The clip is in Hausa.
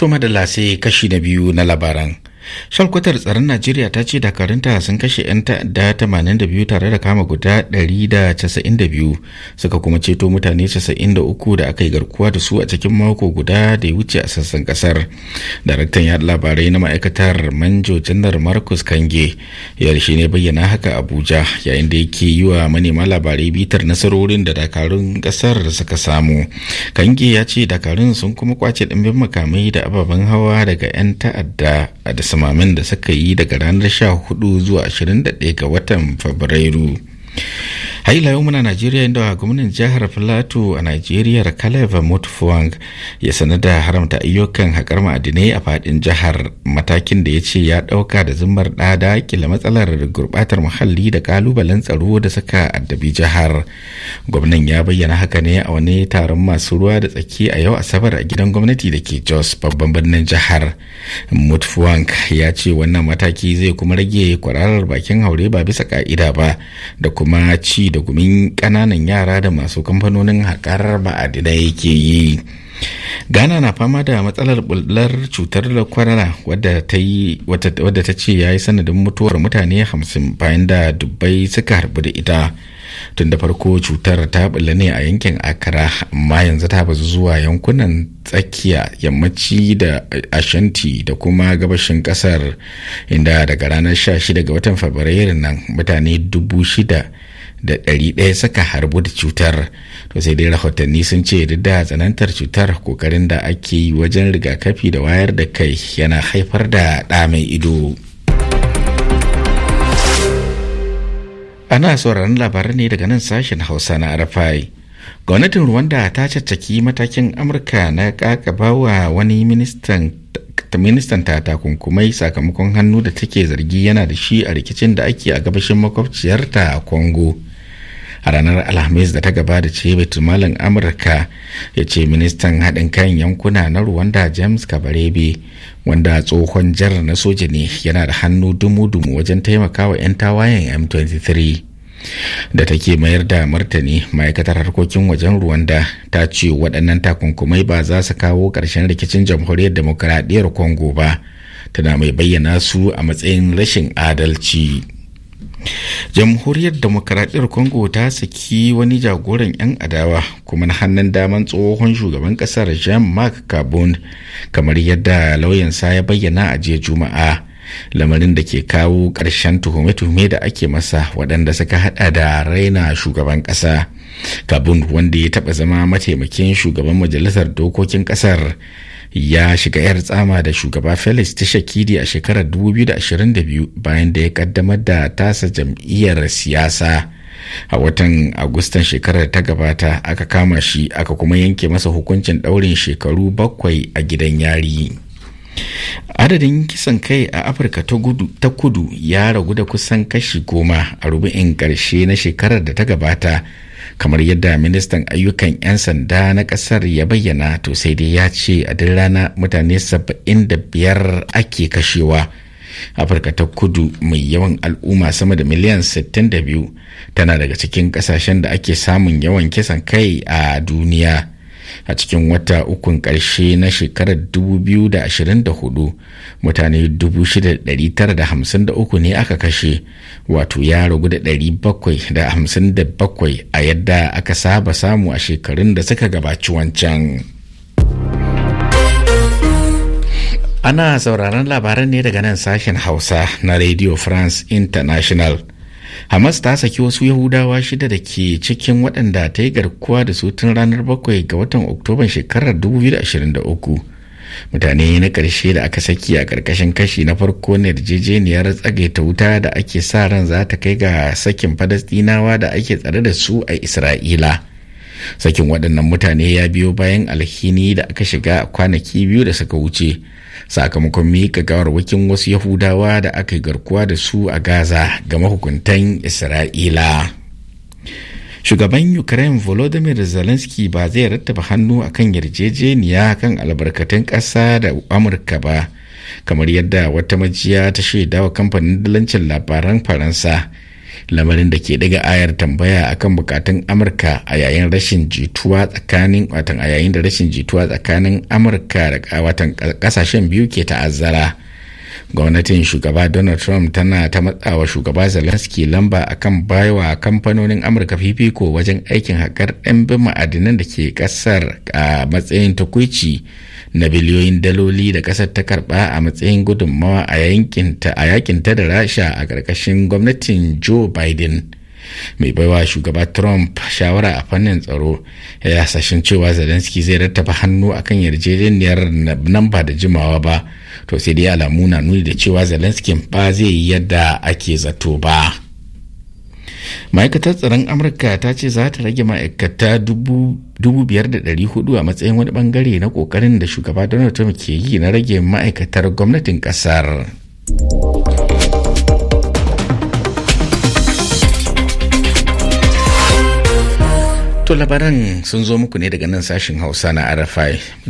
To madalla sai kashi na biyu na labaran. shalkwatar tsaron najeriya ta ce dakarunta sun kashe 'yan ta'adda 82 tare da kama guda 192 suka kuma ceto mutane 93 da aka yi garkuwa da su a cikin mako guda da ya wuce a sassan kasar daraktan yaɗa labarai na ma'aikatar manjo janar marcus kange ya shi ne bayyana haka abuja yayin da yake yi wa manema labarai bitar nasarorin da dakarun kasar suka samu kange ya ce dakarun sun kuma kwace ɗimbin makamai da ababen hawa daga 'yan ta'adda a samamin da suka yi daga ranar 14 zuwa 21 ga watan fabrairu a yau muna najeriya inda gwamnan jihar filato a najeriya kaleva mutfuwang ya sanar da haramta ayyukan haƙar ma'adinai a fadin jihar matakin da ya ce ya ɗauka da zumar ɗada kila matsalar gurɓatar muhalli da ƙalubalen tsaro da saka addabi jihar gwamnan ya bayyana haka ne a wani taron masu ruwa da tsaki a yau asabar a gidan gwamnati da ke jos babban birnin jihar mutfuwang ya ce wannan mataki zai kuma rage kwararar bakin haure ba bisa ka'ida ba da kuma ci da gumin kananan yara da masu kamfanonin haƙar dina yake yi ghana na fama da matsalar bullar cutar da kwarara wadda ta ce ya yi sanadin mutuwar mutane 50 bayan da dubbai suka harbu da ita tun da farko cutar ta bulla ne a yankin akara amma yanzu ta bazu zuwa yankunan tsakiya yammaci da ashanti da kuma gabashin kasar inda daga ranar 16 ga watan fabrairu nan mutane dubu shida da ɗari ɗaya saka harbu da cutar to sai dai rahotanni sun ce duk da tsanantar cutar kokarin da ake yi wajen rigakafi da wayar da kai yana haifar da ɗa mai ido ana sauraron labarai ne daga nan sashen hausa na arafai gwamnatin rwanda ta caccaki matakin amurka na kakabawa wani ministan ministan ta takunkumai sakamakon hannu da take zargi yana da shi a rikicin da ake a gabashin makwabciyarta a kongo. a ranar alhamis da ta gabata ce Malam amurka ya ce ministan haɗin kan yankuna na ruwanda james kabarebe wanda tsohon jar na soja ne yana da hannu dumu-dumu wajen taimakawa 'yan tawayen m23 da take mayar da martani ma'aikatar harkokin wajen ruwanda ta ce waɗannan takunkumai ba za su kawo ƙarshen rikicin jamhuriyar demokuraɗiyyar congo ba tana mai bayyana su a matsayin rashin adalci. jamhuriyar demokaradiyyar congo ta saki wani jagoran 'yan adawa kuma na hannun daman tsohon shugaban kasar jean mark carbon kamar yadda lauyansa ya bayyana a jiya juma'a lamarin da ke kawo ƙarshen tuhume-tuhume da ake masa waɗanda suka hada da raina shugaban ƙasa kabun wanda ya taɓa zama mataimakin shugaban majalisar dokokin ƙasar ya shiga 'yar tsama da shugaba felix tishakidi a shekarar 2022 bayan da ya kaddamar da tasa jam'iyyar siyasa a watan agustan shekarar ta gabata aka kama shi aka kuma yanke masa hukuncin daurin shekaru bakwai a gidan yari. adadin kisan kai a afirka ta kudu ya ragu da kusan kashi goma a rubu'in karshe na shekarar da ta gabata kamar yadda ministan ayyukan 'yan sanda na ƙasar ya bayyana to sai dai ya ce a duk rana mutane 75 ake kashewa afirka ta kudu mai yawan al'umma sama da miliyan 62 tana daga cikin ƙasashen da ake samun yawan kisan kai a duniya a cikin wata ukun ƙarshe na shekarar 2024 mutane 6,953 ne aka kashe wato ya ragu da 757 a yadda aka saba samu a shekarun da suka gabaci wancan. Ana sauraron labaran ne daga nan sashen Hausa na Radio France International. hamas ta saki wasu yahudawa shida da ke cikin waɗanda ta yi garkuwa da su tun ranar bakwai ga watan oktoban shekarar 2023 mutane na ƙarshe da aka saki a ƙarƙashin kashi na farko na yarjejeniyar tsagaita wuta da ake sa ran za ta kai ga sakin Falasɗinawa da ake tsare da su a isra'ila sakin waɗannan mutane ya biyo bayan alhini da aka shiga kwanaki biyu da suka wuce sakamakon miƙa gawarwakin wasu yahudawa da aka yi garkuwa da su a gaza ga mahukuntan isra'ila shugaban ukraine volodymyr zelensky ba zai rattaba hannu akan yarjejeniya kan albarkatun ƙasa da amurka ba kamar yadda wata majiya ta shaidawa kamfanin dalancin labaran faransa lamarin da ke daga ayar tambaya akan bukatun amurka a yayin rashin jituwa tsakanin watan a yayin da rashin jituwa tsakanin amurka da watan kasashen biyu ke ta'azzara gwamnatin shugaba donald trump tana ta matsawa shugaba zelensky lamba akan baiwa kamfanonin amurka fifiko wajen aikin haƙar ɗan ɗanbin ma'adinan da ke ƙasar a matsayin takwici na biliyoyin daloli da ƙasar ta karɓa a matsayin gudunmawa a yakin ta da rasha a ƙarƙashin gwamnatin joe biden mai baiwa shugaba trump shawara a fannin tsaro ya sashen cewa zelensky zai rattaba hannu akan yarjejeniyar nan ba da jimawa ba to sai dai alamu na nuni da cewa zelensky ba zai yi yadda ake zato ba ma'aikatar tsaron amurka ta ce za ta rage ma'aikata 5,400 a matsayin wani bangare na kokarin da shugaba donald trump ke yi na rage ma'aikatar gwamnatin kasar to labaran sun zo muku ne daga nan sashen hausa na rfi